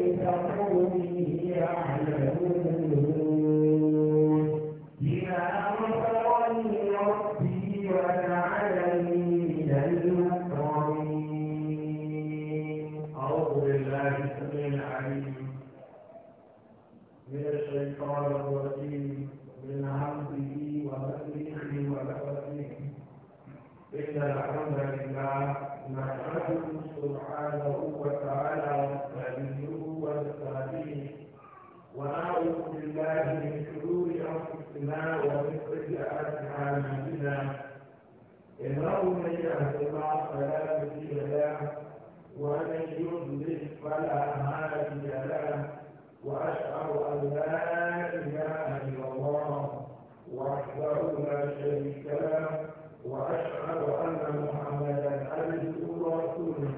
يعلمون بما غفر لي ربي وما أنفسنا ومن سيئات أعمالنا إنه من يهد الله فلا مضل له ومن يضلل فلا هادي له وأشهد أن لا إله إلا الله وحده لا شريك له وأشهد أن محمدا عبده ورسوله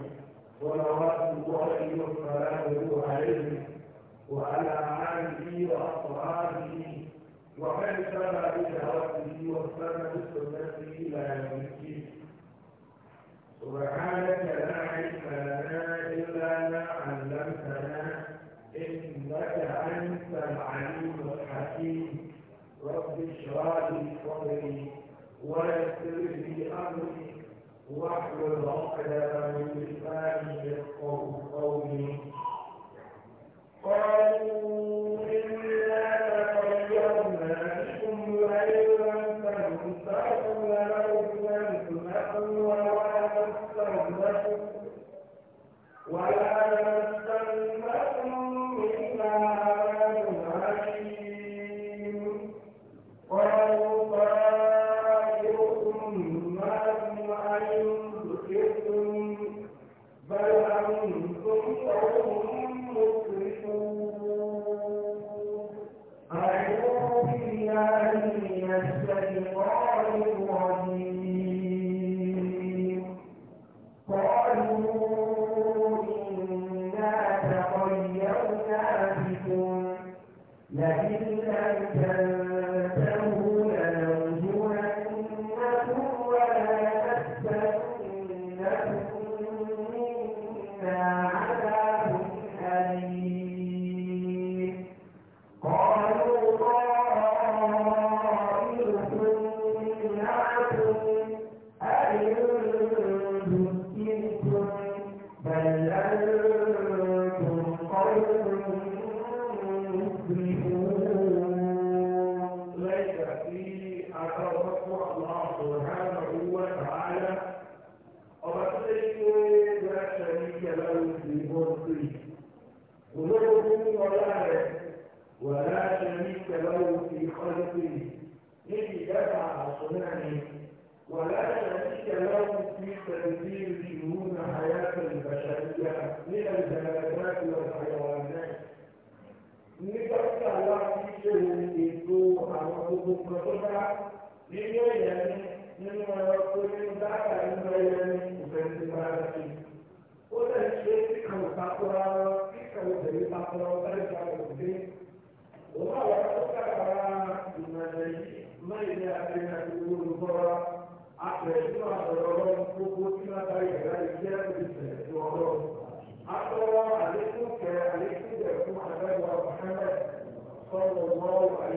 صلوات الله وسلامه عليه وعلى آله وأصحابه ومن سمى بشهوته واستنى بسنته الى يوم الدين سبحانك لا علم لنا الا ما علمتنا انك انت العليم الحكيم رب اشرح لي صدري ويسر لي امري واحلل عقدة من لساني يفقه قولي قالوا تعالى وبطلقوا لا شريك له في ملكه ظلمه ولا ولا شريك له في خلقه إذ دفع صنعه ولا شريك له في تدبير شؤون حياة البشرية من البلدات والحيوانات nígbàtí aláàbí ṣe ètò àwọn gbogbo kan tó nínú ẹranko nínú dáàbà nínú ẹyẹ ní òfin ti fara sí i. ó lè ṣe kíkan ìtakora wọn kíkan obìnrin takora wọn bẹ́ẹ̀ gba òde. òun náà wà tó kára ìmọ̀lẹ̀ yìí mẹ́rin ní abẹ́rẹ́ àti olùkọ́ra. àtẹ̀síwọ̀n àtọ̀rọ̀ ọlọ́run gbogbo tí wọ́n bá yẹ̀rọ ìjẹ́ ìfẹ̀ tó ọlọ́run. àtọ̀rọ̀ àlékún àlékún bẹ̀ fún àgbẹ̀wò Muhammad sọ̀rọ̀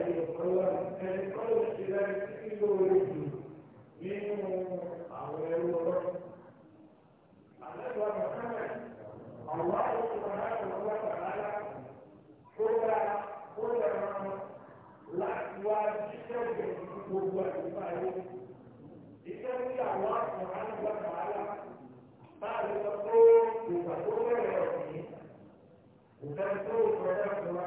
ẹni kọ́lá ti rẹ̀ sí lóore jù nínú àwọn ẹrú ọlọ́run. Àlejò àgbàkánlẹ̀ àwọn àwòrán láti wọ́n gbàgbára tó dá ó lẹ́nu ọmọ láti wá jíjẹ́ ìgbẹ̀rún gbogbo àdúgbò ayé. Iṣẹ́ tí àwọn àwòrán gbàgbára báyìí lọ tó ìgbà tó bẹ̀rẹ̀ ọ̀sìn. Ìfẹ́ tó ìfọ̀rẹ́ fún wa.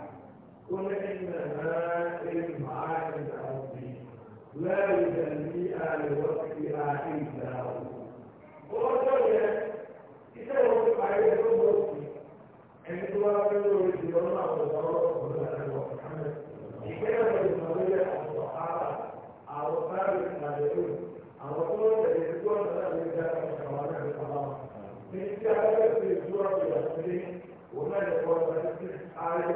قل إنما المعاد الأرضي لا يجليها لوقتها إلا هو وقال إذا وقف عليه الوقت أن توافق رجلنا وصلاة محمد إذا المريض الصحابة أو قال التابعون أو قال يكون ذلك كمان الكلام من كتاب الزور إلى وما يقول على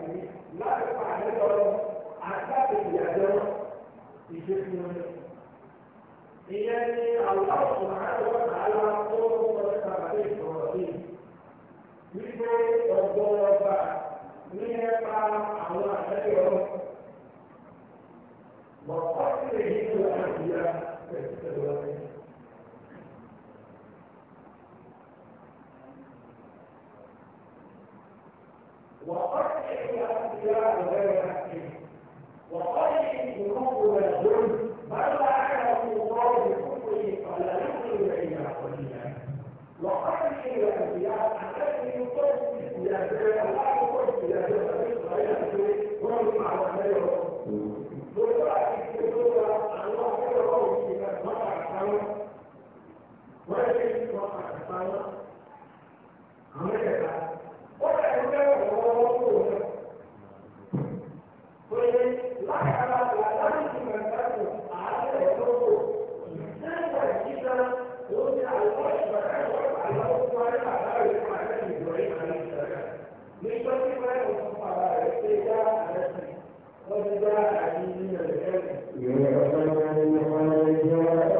láti pa àlejò ọ̀rọ̀ àtàkì ìyàjọ́ ìṣèkú wọn. ìyẹn ni àwùjọ sùnmọ́ àwọn àlọ́ tó ń sọ nípa àlejò ìṣòro yìí. wípé ọgbọ́n ọba ní ẹ̀ka àwọn àlejò ọ̀rọ̀. وقطع الأنبياء غير حقهم وقطع الذنوب والظلم بل لعنه الله بكفره فلا يؤمن إلا قليلا وقطع الأنبياء الذي يقدس يدعو لا يقدس يدعو غير حقه وهم على غيره ولكن وقع الصلاه عملها وقع الجو Yeah.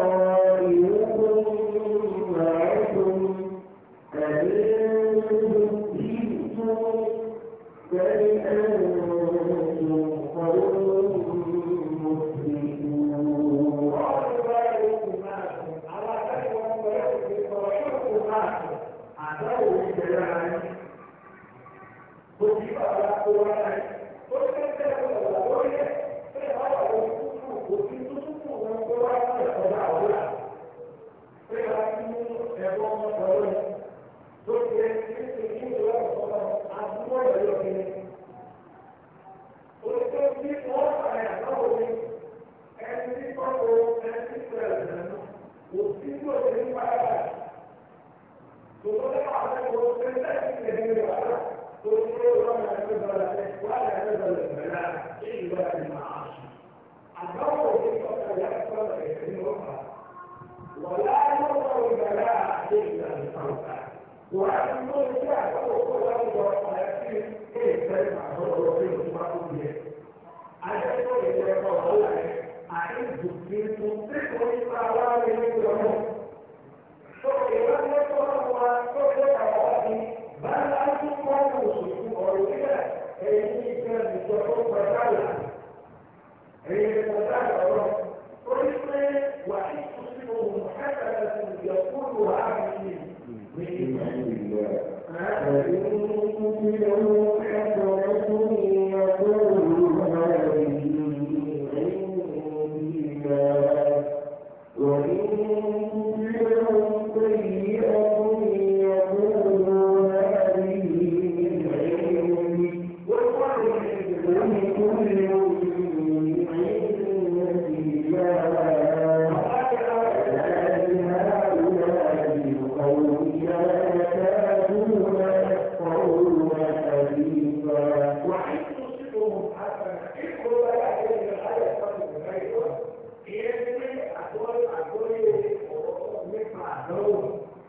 àdánwò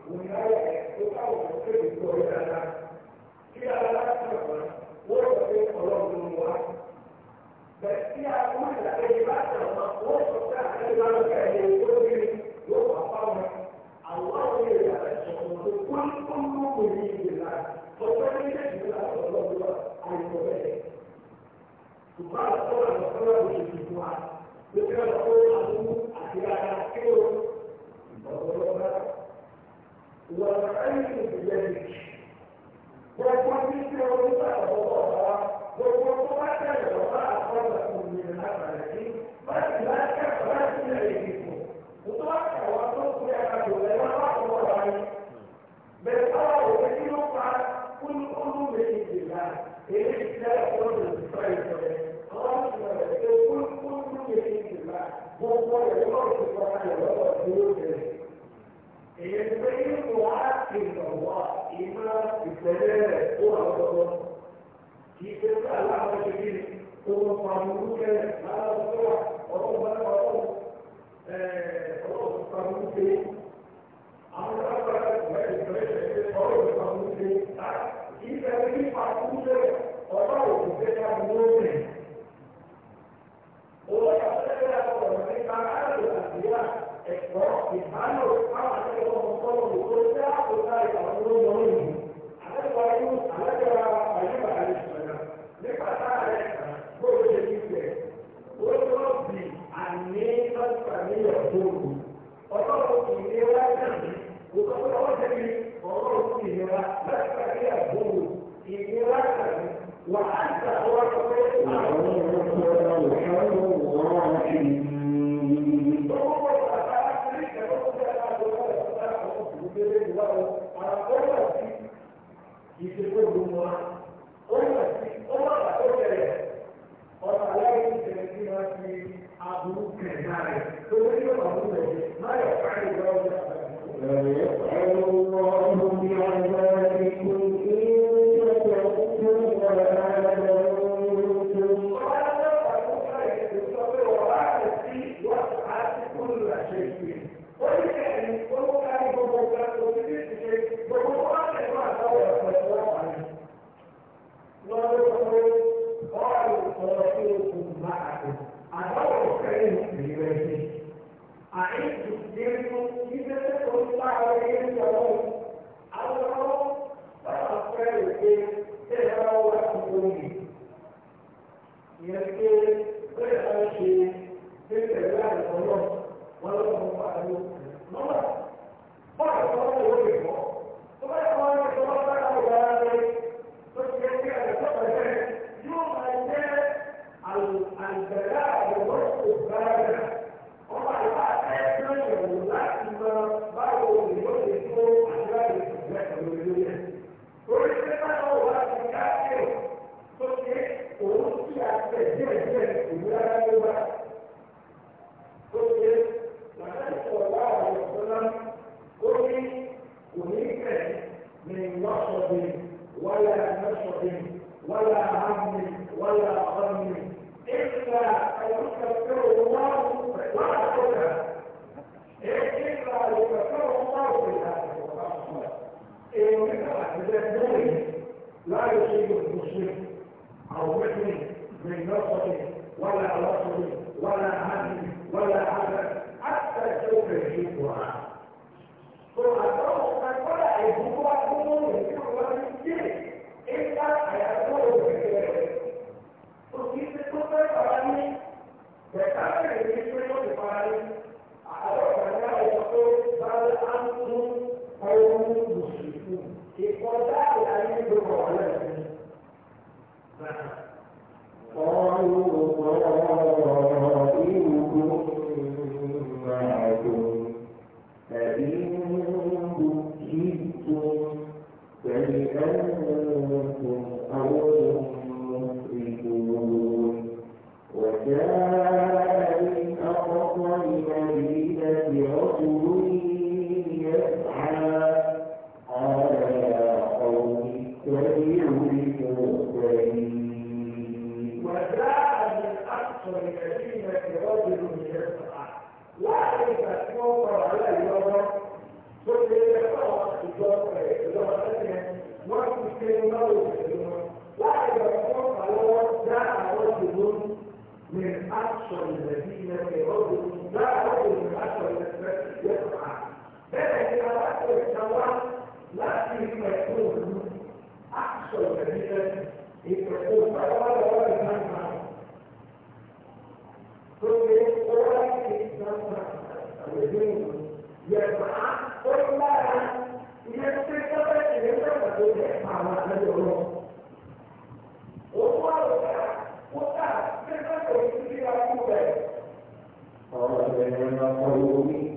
òun láyà ẹ̀ tó káwọn ọ̀rọ̀ tó lè gbọ́ ọ̀rọ̀ dáadáa kí aláàbò ọ̀rọ̀ wọ́n sọ pé ọlọ́run ló wá bẹ̀rẹ̀ sí àwọn ìlàkẹ́yẹ bá tẹ̀ wọn wọ́n sọ pé àkẹ́yẹ bá lọ́kẹ́ ẹ̀yẹ tó bí yóò wà fáwọn àwọn àwọn èèyàn rẹ̀ sọ̀rọ̀ tó kún fún gbogbo ní ìgbèlà ọjọ́ méjèèjì ló láti ọlọ́run lọ àìsàn bẹ́ẹ̀ ṣùgbọ́n àtọ́ àwọn ọ̀rọ̀ òṣèlú wa ló fẹ́ lọ́kọ́ àwọn àti ara kéwòn ìbọ̀wọ́ والعلم gbogbo títí onígbà àkọ́kọ́ ọ̀la gbogbo tó bá tẹ̀lé ọ̀la àkọ́kọ́ ìrìn àgbàlẹ̀ sí báyìí láti ẹ̀kọ́ láti ilẹ̀ ìdìbò tó bá kẹwàá tó kú ẹ̀rọ ìṣèkọ́ta ẹ̀rọ ọ̀dọ́ يبين معاك الله إيمان بالدلالة هو الله في تلك الأعمال الجديدة هو قانونك ما أصبح ربنا ورب رب قانونك أمر أبدا ما يفرش رب قانونك في تلك قانونك الله بتاع المؤمن هو يحتاج إلى أن يكون هناك ẹ̀kọ́ ìbálò káwọn akẹ́kọ̀ọ́ ọmọ sọ́wọ́ òkú tí a kò ká ìtàwọn olóyún ọ̀rọ̀ yìí akẹ́kọ̀ọ́ ayé alágbèrè ayé bàtà lè sọ̀rọ̀ nípa táàrẹ̀ bóyá ṣe ti fẹ̀ ó tó bì àní lọ́sà ní ọ̀dọ́rù ọlọ́run kì í nira náà òkú ọwọ́ tẹ̀lé ọlọ́run kì í nira lọ́sà ní ọ̀dọ́rù ìnira náà وأنت هو الحمد لله ọlọ́run àwọn ọlọ́run àti ìṣèkó gbogbo wa ọlọ́run àti ọlọ́run àti ọ̀tẹ̀rẹ̀ ọ̀tà aláìsí ìṣẹ̀lẹ̀ tí wọ́n fi aburú kẹ̀kẹ́ rẹ̀ tó ní ọ̀nà ọ̀hún rẹ̀ má yọ̀ fún àyè lọ́wọ́ bẹ́ẹ̀ bá wà nínú yìí ń ṣe bẹ́ẹ̀ bọ́ọ̀lù tó wọ́n lè wọ́n tó bá yẹ kó wọ́n lè sọ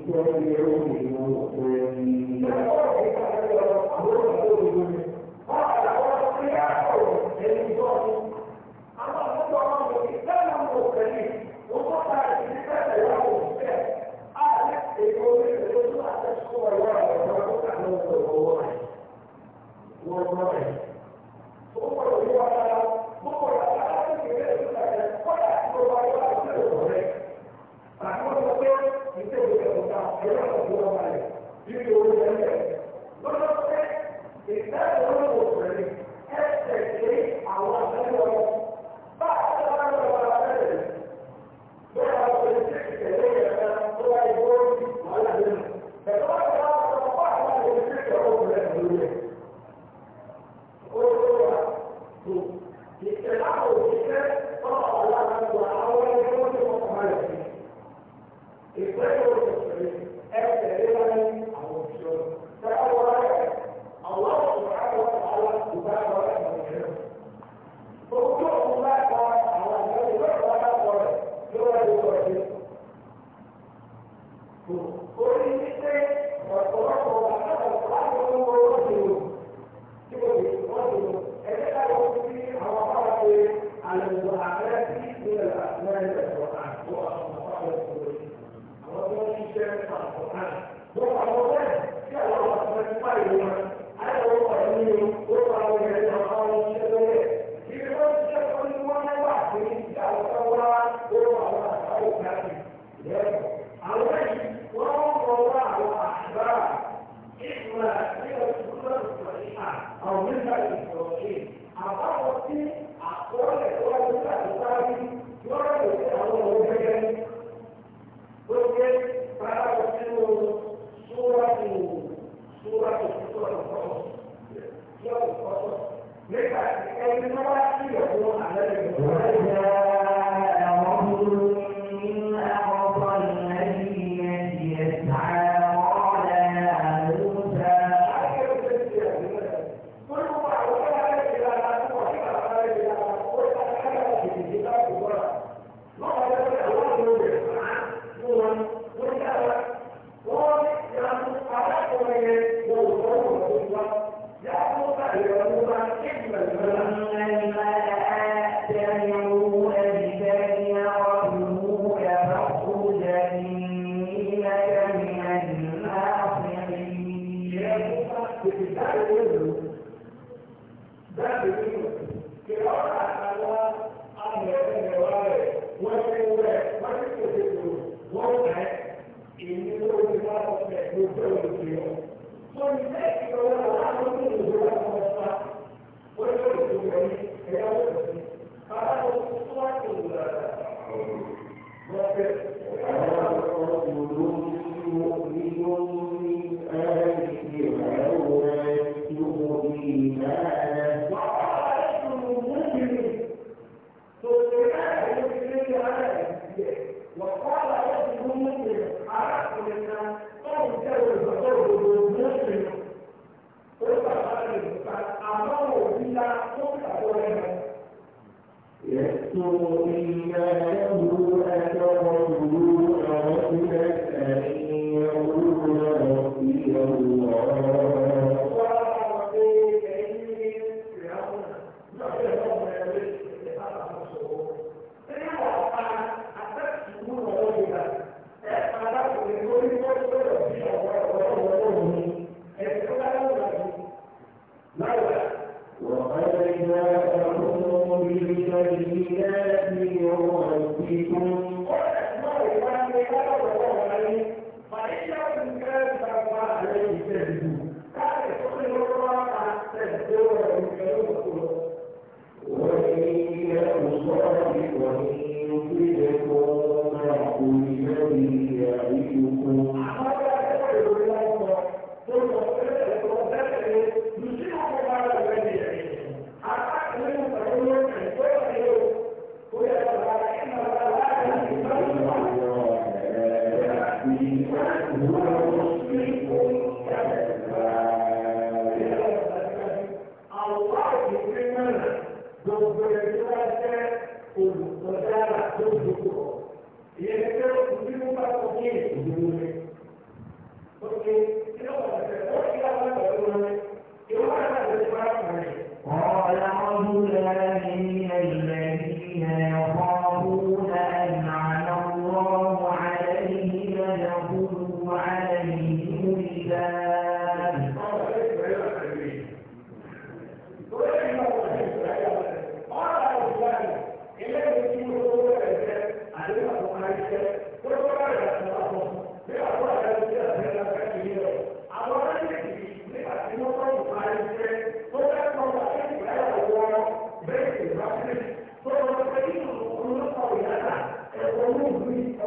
كل يوم وكل bẹ́ẹ̀ Thank you.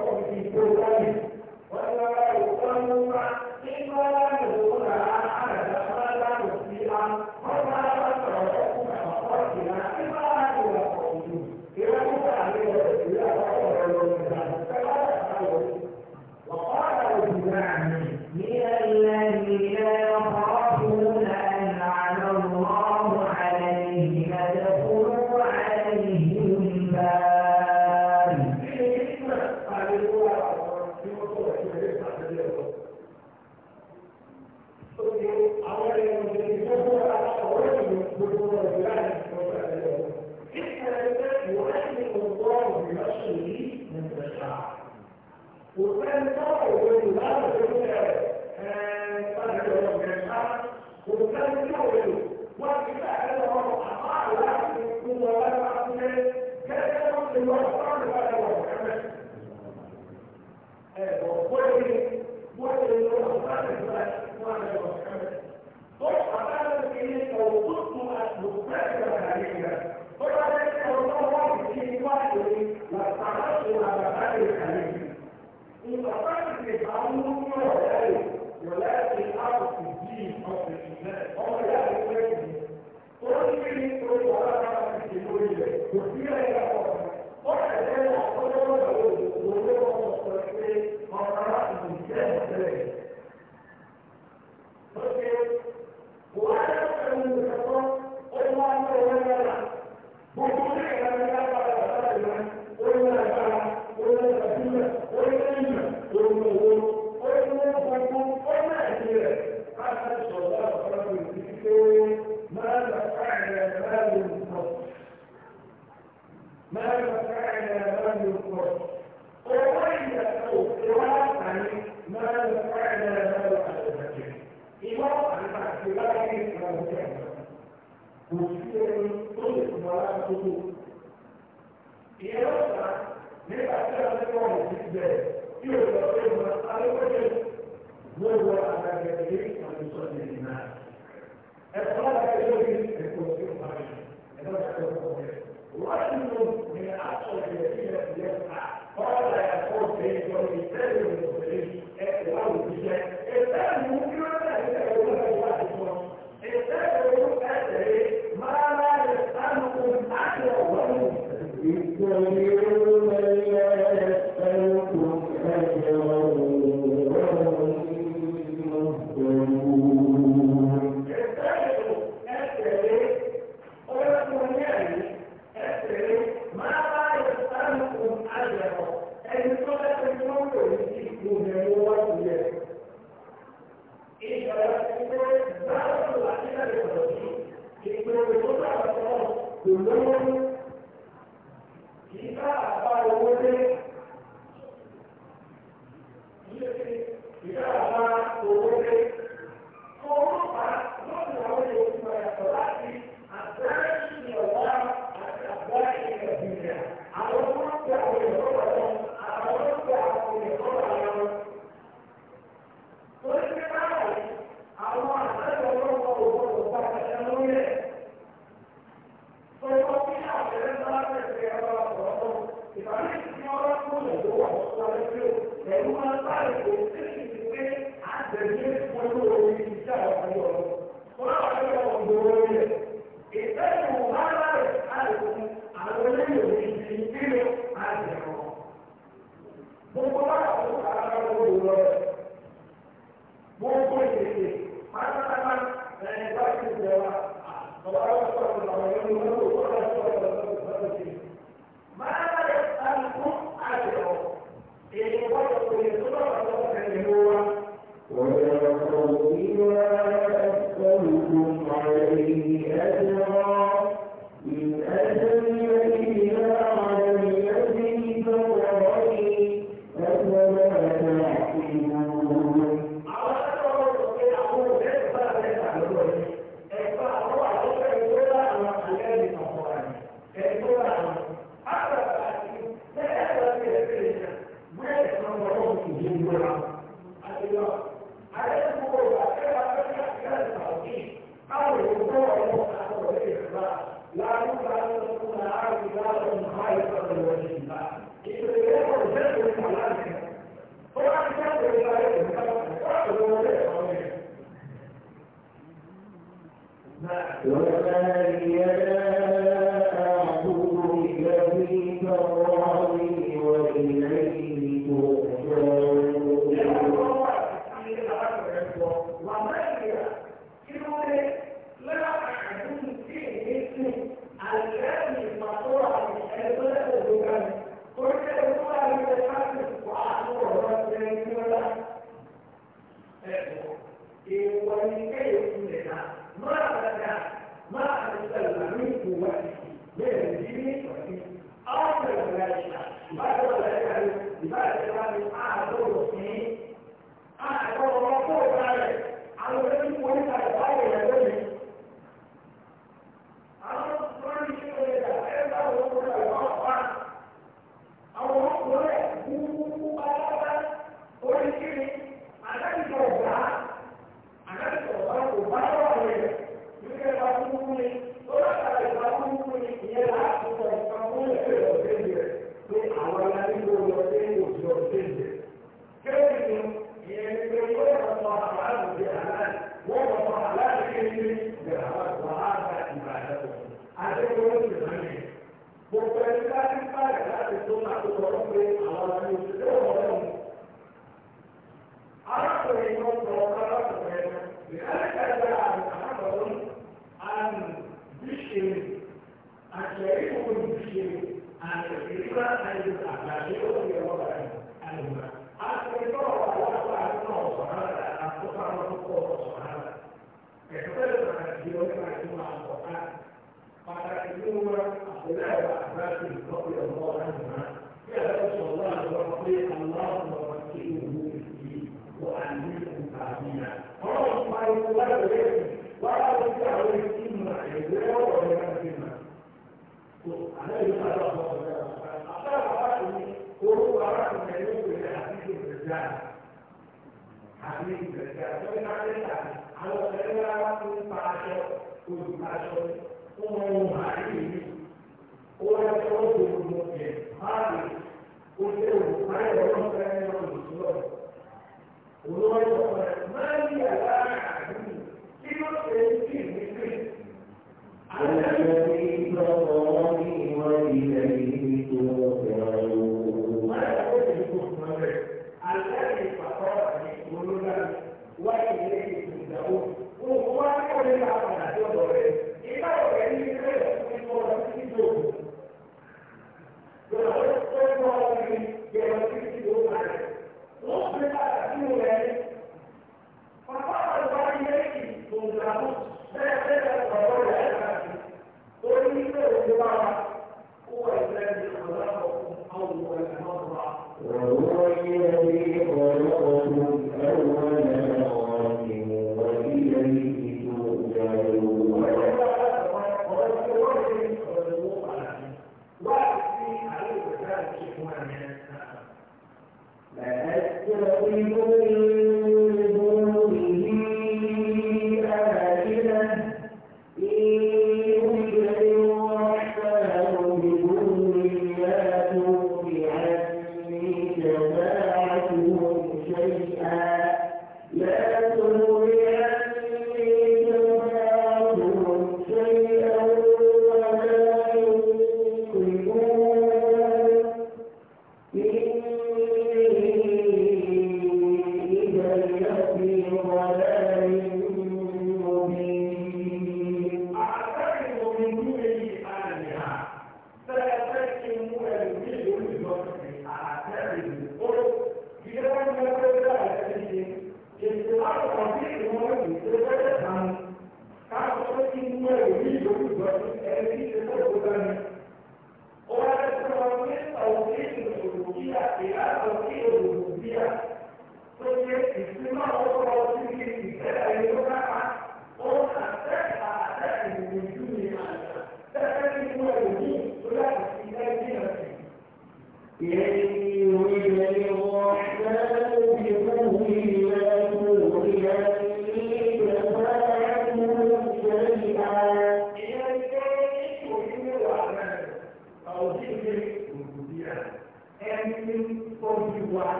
After the marriage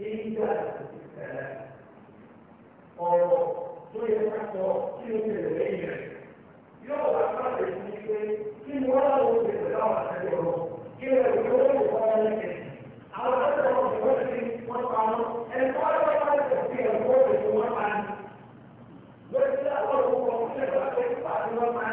nígbà ọ̀rọ̀ tó yẹ ká sọ kí ló ṣe lè yẹ yóò wá pàdé sí pé kí ni wọ́n láwọn oṣù tó láwọn àtẹ́lẹ̀ ọ̀rọ̀ kí lè wọ́n lè wọ́n wọ́n lè tẹ̀. àwọn akẹ́kọ̀ọ́ ọ̀sẹ̀ wọ́n ti wọ́n pa wọn ẹ̀kọ́ ọ̀rọ̀ wọn lè fi ẹ̀kọ́ ọ̀sẹ̀ pa ni. lórí àwọn olùkọ́ ọ̀sẹ̀ wọn ti pàdé wọn pa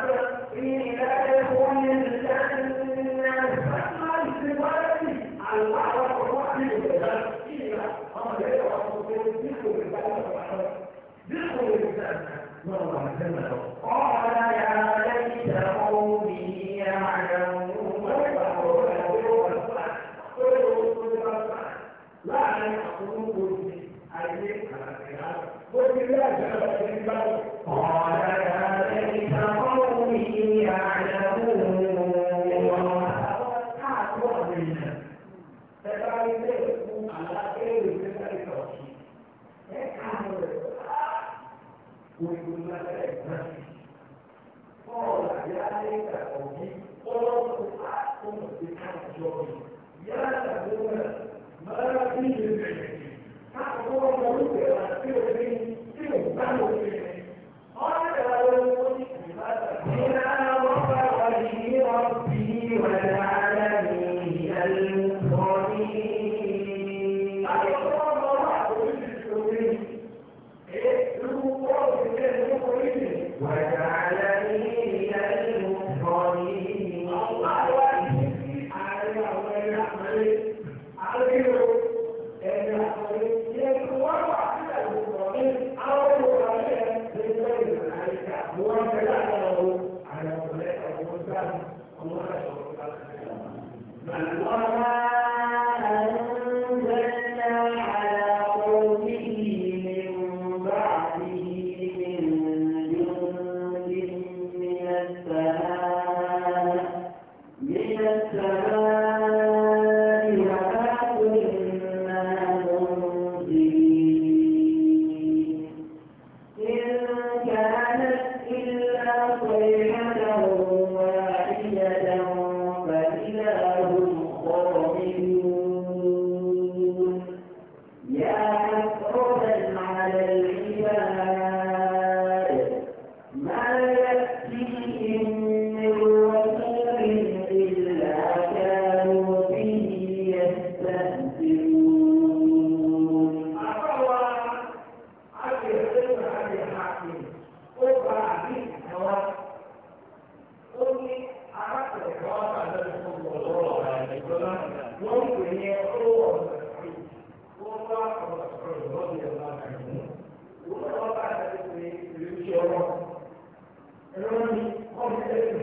àfihàn ó gba àfihàn kan wá ó ní arákùnrin kan wá bàbá ìfowó ọlọ́rọ̀ ọ̀rọ̀ ìjọba wọ́n ń pè ní owó ọ̀sẹ̀ sí wọ́n wá ọ̀rọ̀ ọ̀rọ̀ lọ́dún ìjọba kàìmù wọ́n wá bá àti pé ìlú ṣe ọ̀rọ̀ ẹ̀rọ ní kọ́mpútẹ́sì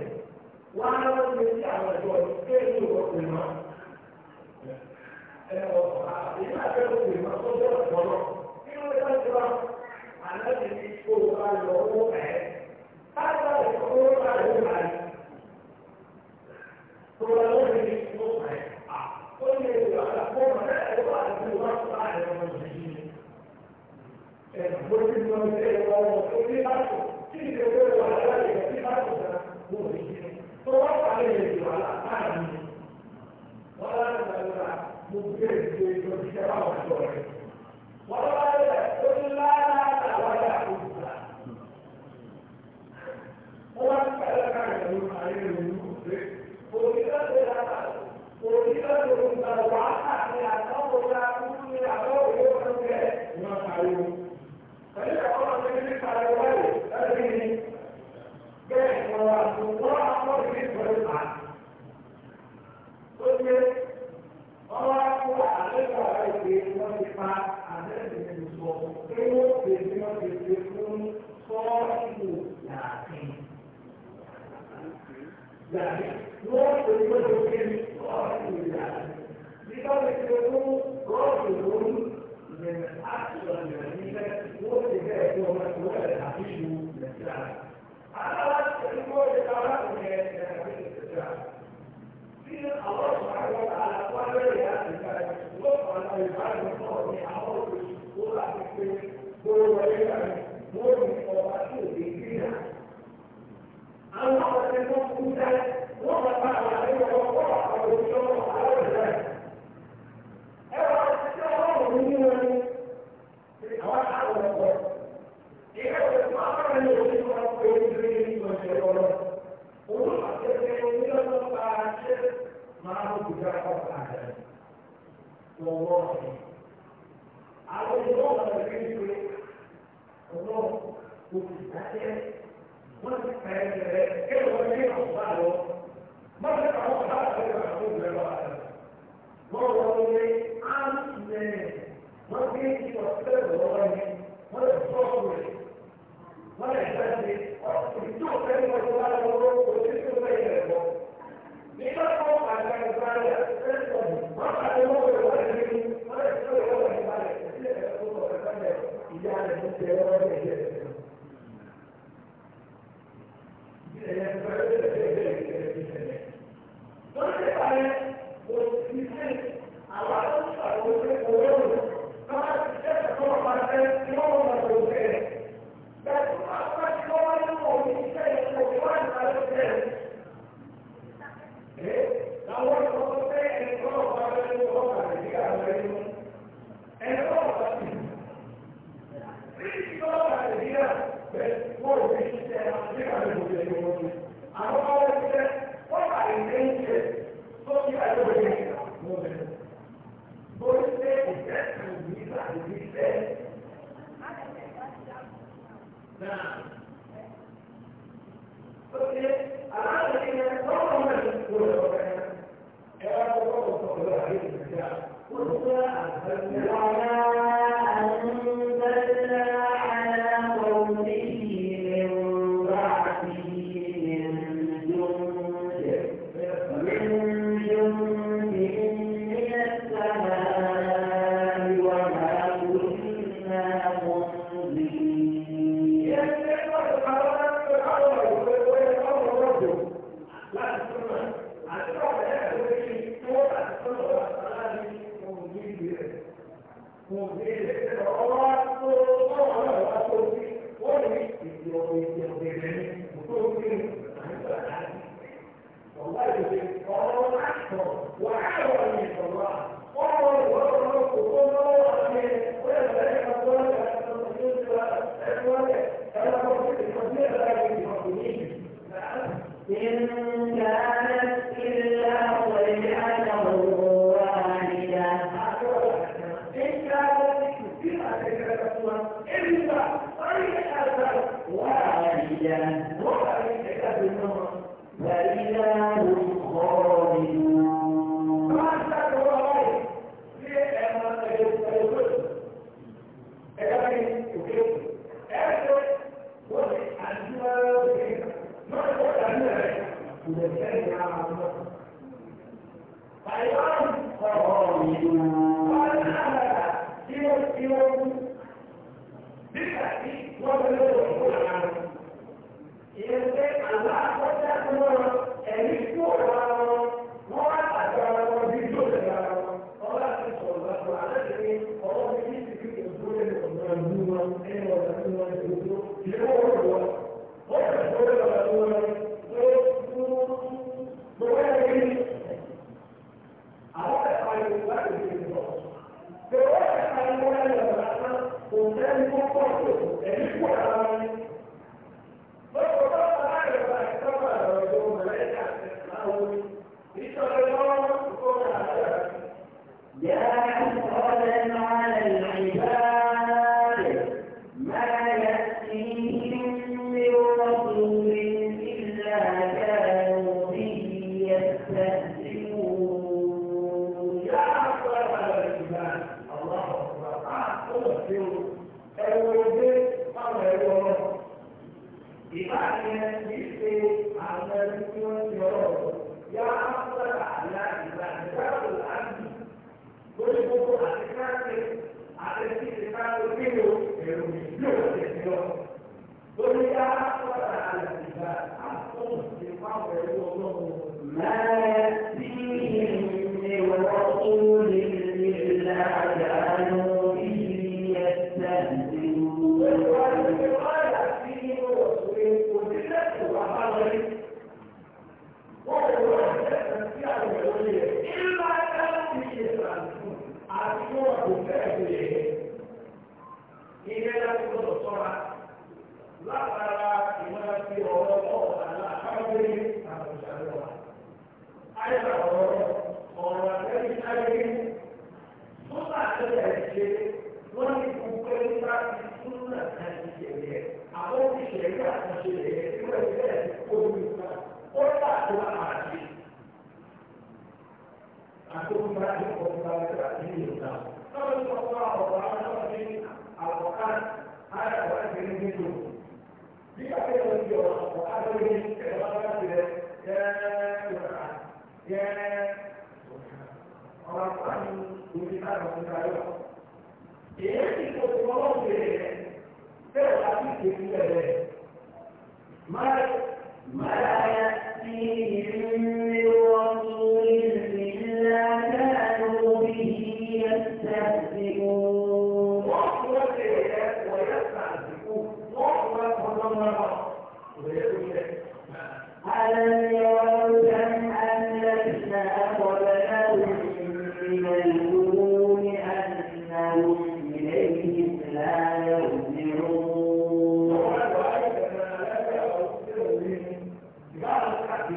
wọ́n á lọ́wọ́ pé sí àwọn ẹ̀dọ́ kéèké ọ̀pẹ̀ 五百，他到底多少五百？多少？wọn ẹni wọn ọ̀dà tí wọ́n ń gbogbo ìléwọ́ ọ̀dọ̀ wọn ọ̀dà tí wọ́n ń gbogbo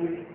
you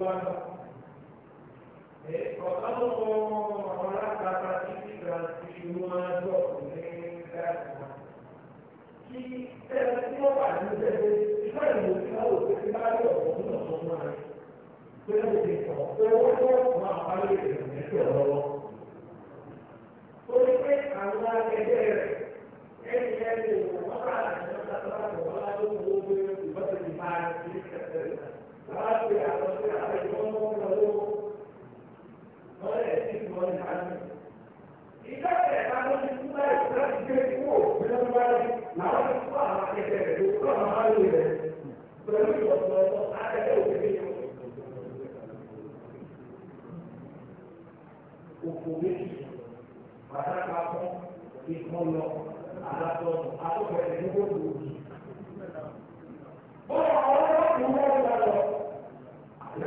guarda. E eh, portando con la pratica di un altro chi per la prima parte si fa l'ultima volta che va dopo non so mai quello che so oro ma parere non è oro poiché andare a vedere e mi è detto ma guarda non sta trovando la dopo dove ti fate di male وهذه الرسول عليه الصلاة والسلام ولا يأتيك ولا يعلم إذا كان الرسول لا يستطيع يكون من المال نعرف الله على كتابه وكما قال له فلم يوصل على كتابه وكوبيش وهذا كافون يكون له على طول على طول يكون له Bọ́lá ọlọ́run ló ń bá lọ. وكم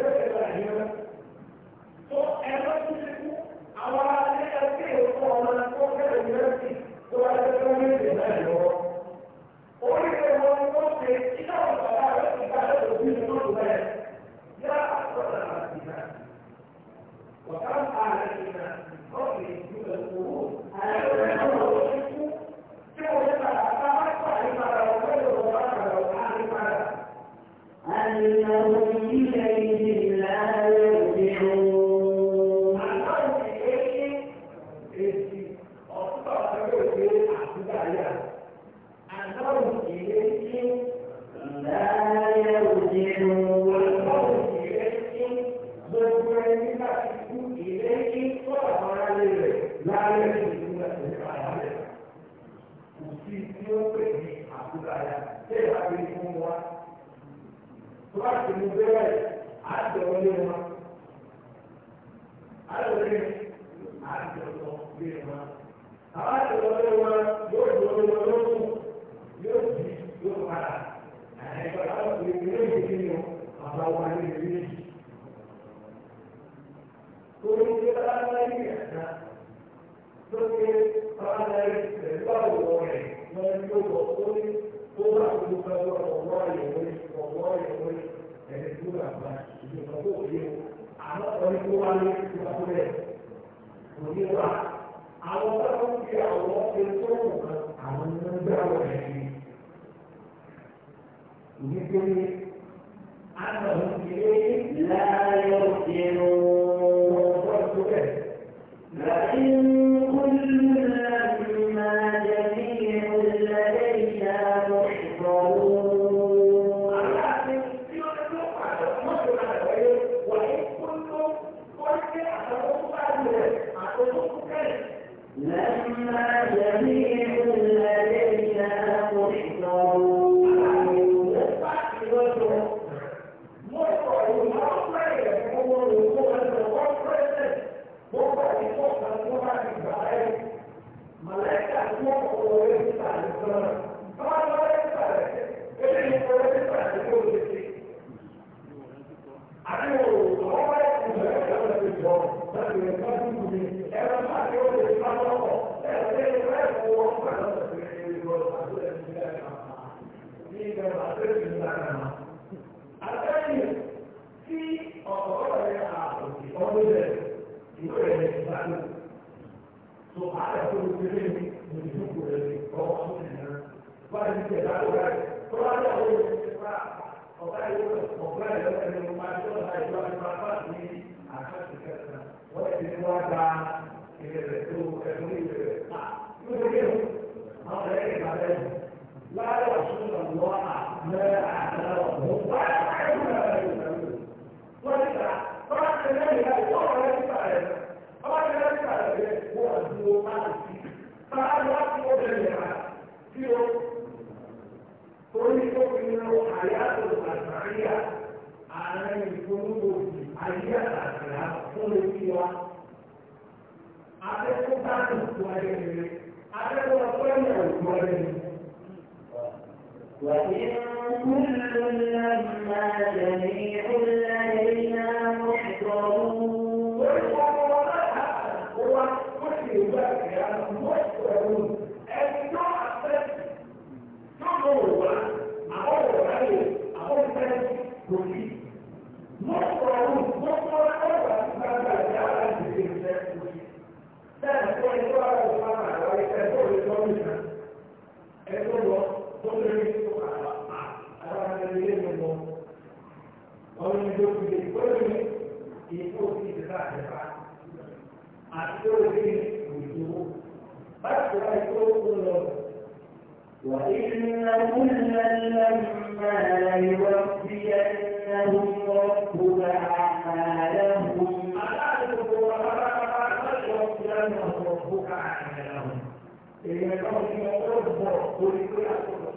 على الإيمان قبل وجود القرون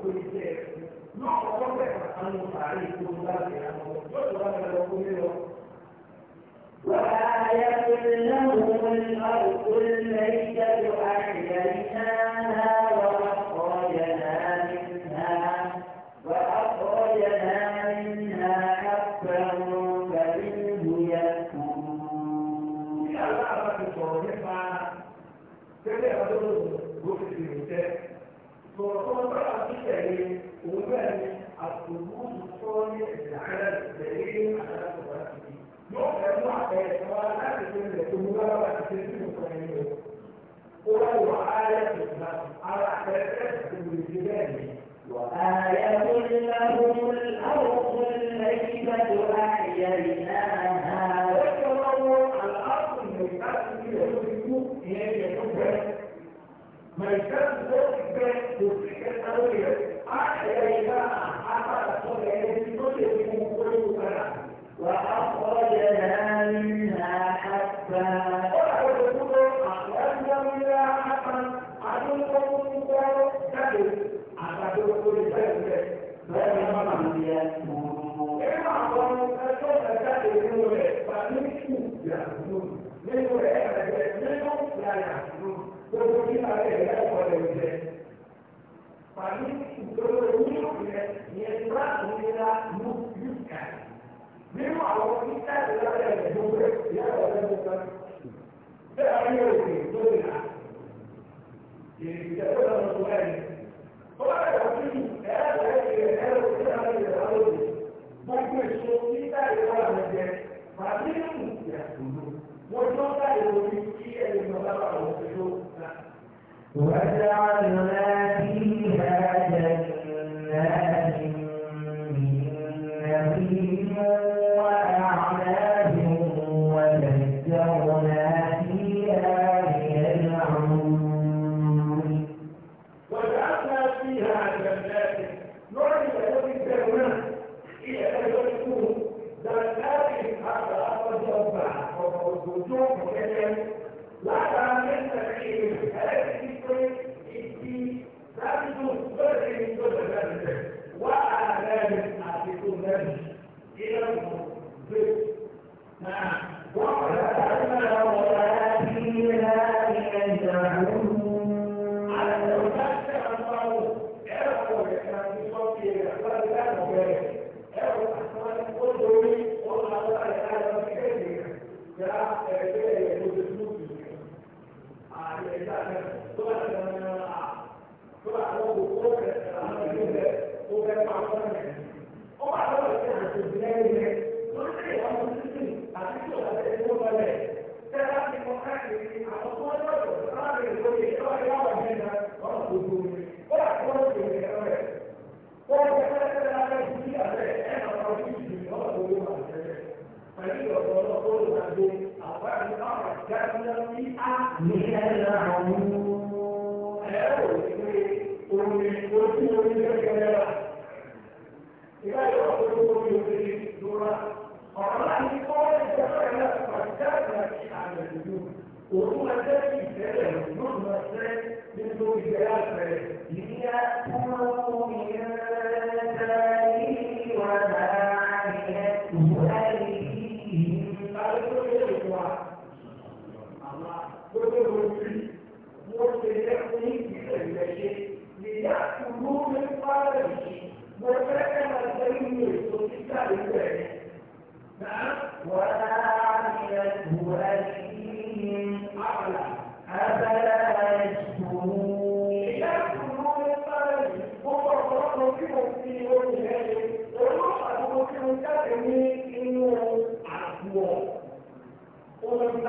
tó ní sẹ́ náà ọkọ bẹ́ẹ̀ àwọn sàárè tó ń bá bẹ̀ àwọn yóò tó bá bẹ̀rẹ̀ ọkọ mi lọ. ولا يكن لهم الأرض الميتة americanos ou ingleses, وجعلنا ya قول به أفعل أرى كاملا فيها من العموم وهو الذي سلم نظرة من ذو الجلال فهي تكون إلى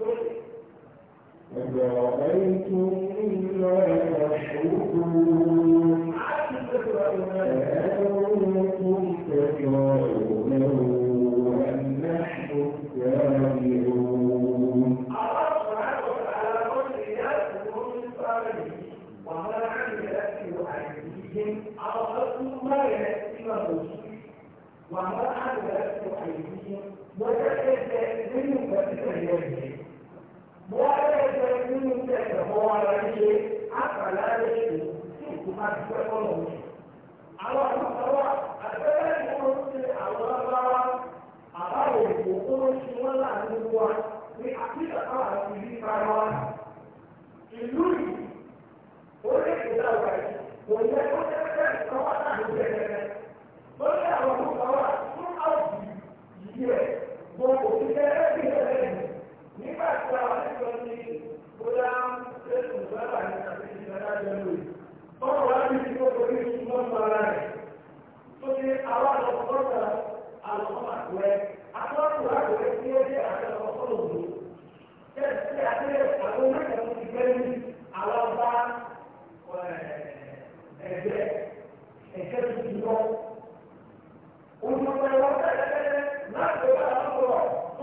أفرأيتم ما تشركون أأنتم تجعلونه أم نحن الزاهدون وما عملت أيديهم عرفت ما يأتيهم وما عملت أيديهم وتأتي منهم فتنة يدهم Bọ́ọ̀lù ẹgbẹ́ nínú ìtẹ̀sẹ̀ fọ́ ara ṣe àkàlà rẹ̀ ṣe tí kò máa ti fẹ́ kọ́ lọ́wọ́. Àwọn àgbàwà àgbẹ̀rẹ̀ ni wọ́n ti àwọn lábáwá àbáwò òkú tó ń ṣe wọ́n láàrin wa ní àbíkàkọ́ àti ìlú ìfarahà. Ìlú yìí, ó lè ṣe àwọn àgbàwà tún kò fi jẹ́ ẹ́ nígbà tí àwọn ẹ̀kọ́ ti bóyá lẹ́sùn sábà ní àti ìṣẹ̀lá jẹun rẹ̀ wọ́n wá ní ti kókó ní ìṣúná sọ́ra rẹ̀ tó ní àwọn àlọ́kọ́ta àlọ́kọ́ta rẹ̀ àtọ́kùn àgbẹ̀ tí ó dé àti àlọ́kọ́ òdo tẹ̀sí àti àwọn mẹ́ta tó ti gbẹ́ni àwọn bá ẹ̀jẹ̀ ẹ̀jẹ̀ tuntun lọ. Òṣùpẹ̀ wọ́n tẹ̀lé láti wá àwọn ọ̀rọ̀.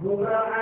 Gubernador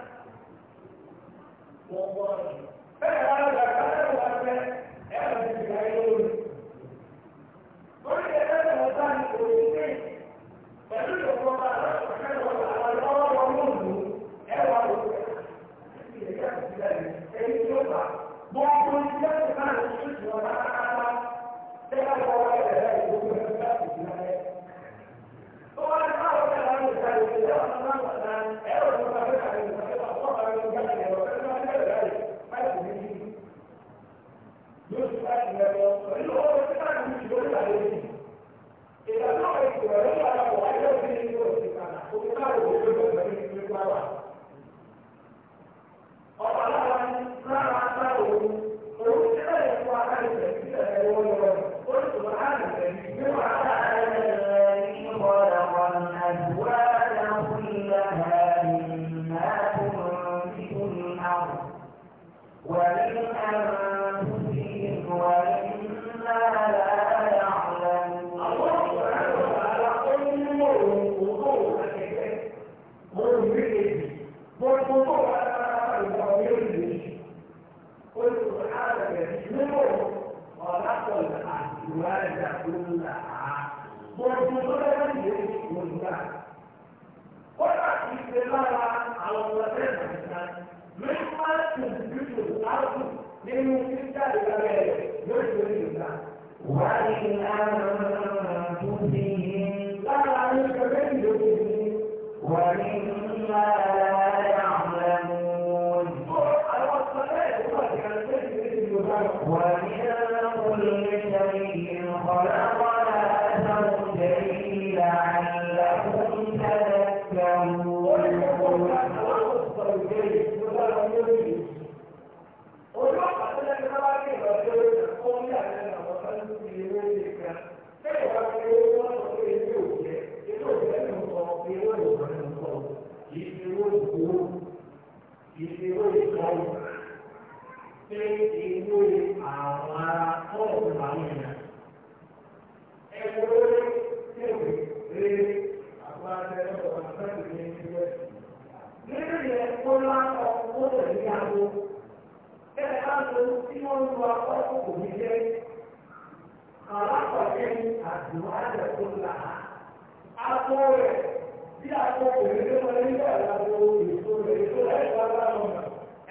alákọ̀ọ́kẹ́ ní àdùnmáyà tó là á. Akọ rẹ̀ bí akọ òwe ló wọlé nígbà ìlànà èso rẹ̀ tó láì bá bá lọ mọ̀.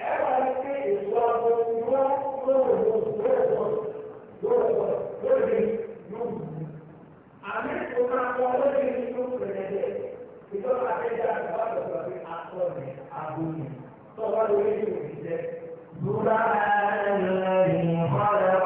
Ẹ wà ní pé èso akọ ti wá lóòrò lóòrò lóòrò lóòrè lóòrò. Àmì ètò máa kọ lórí inú pẹ̀lẹ́dẹ̀. Ìjọba Adéjà àgbà lọ́dọ̀ pé akọ rẹ̀ abo ni. Tọ́wọ́ lórí ìwé jẹ́. Bùrọ̀ ààrẹ ni wọ́n lọ.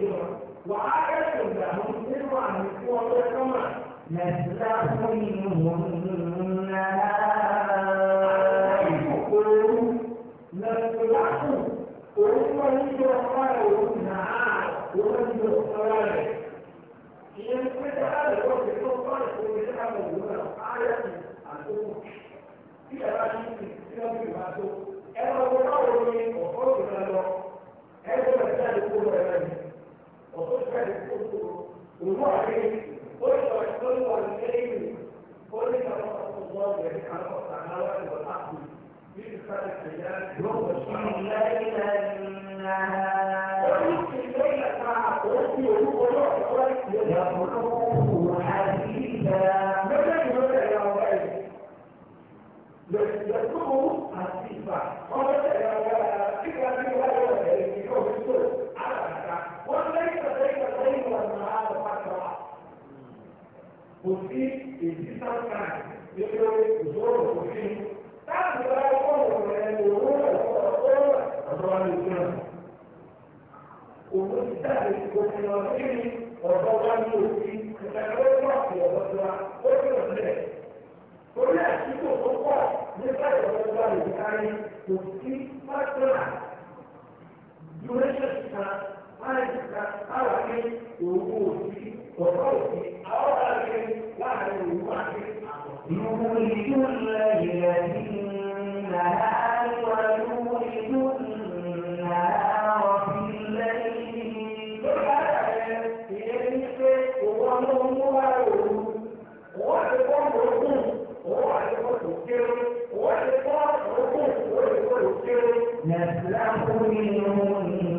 يوم وعادة لهم سرا وقسما نسلخ منهم النهار نسلخ وهم يشرقون النهار وهم يشرقون إن فتاة الوقت الأول ومتاة الأولى آية الأم في أراضي في أراضي الأولى أراضي الأولى وروح عليه كل كل والكلمة كل كلام الله يعني على تعالى والعقل في خلق الحياة يوم الشمس لا إله إلا يقولوا حديثا ماذا يقول يا رب؟ يقولوا حديثا wípé ìṣòro kò sí bá fóònù rẹ̀ òun ẹ̀kọ́ ọ̀rọ̀ ọ̀dọ́ ní ìṣúná. Òun ti dáre òfin ọ̀rọ̀ kí ni ọ̀dọ́ wa ní òfin ìṣẹ̀lẹ̀ pàṣẹ ọ̀dọ́ tí wa ó fi hàn lẹ̀. Orí àtúntò tó pọ̀ nípa يولد الليل في النهار ويولد النهار في الليل نسلخ منه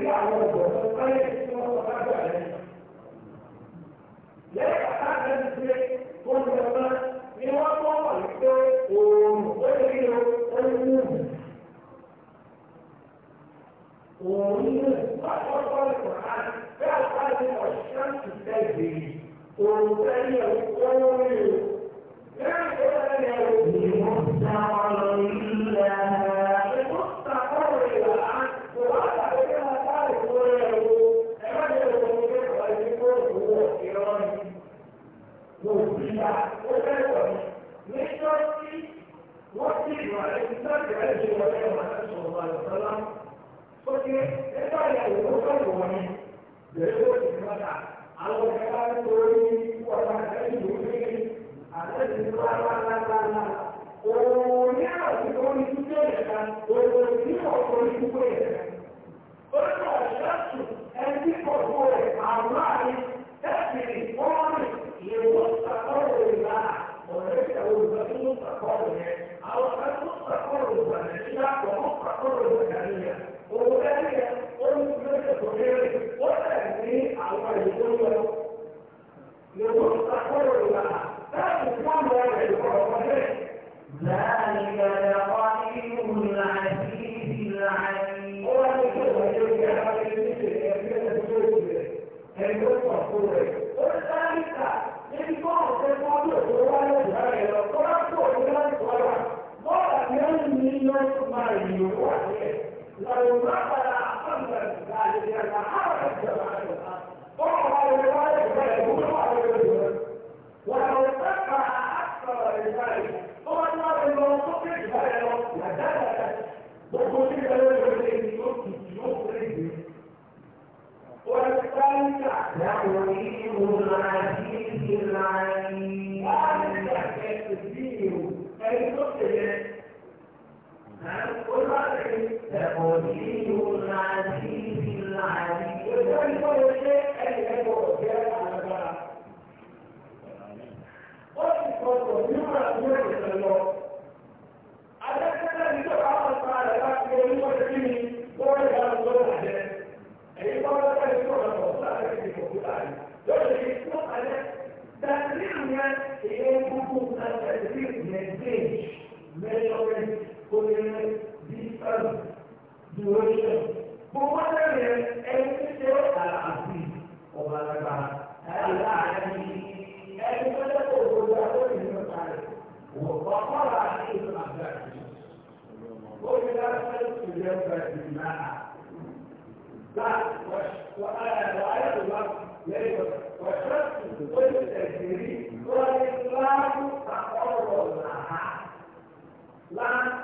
sí àwọn ọ̀dọ́ tó sáyé pé ó ọ̀ṣẹ́ ti tẹ̀ gbèrè oòrùn tẹ́lẹ̀ ó rí o. pé lẹ́tọ̀ ìyàwó tó sọ̀rọ̀ wọn ni bẹ̀rẹ̀ ó ti tó ní ọ̀pọ̀ ẹ̀ka. وقال عليه بن عباس وإذا سلت جنب الماء وآية الله وشرط التجريب والإطلاق تقرر لها لا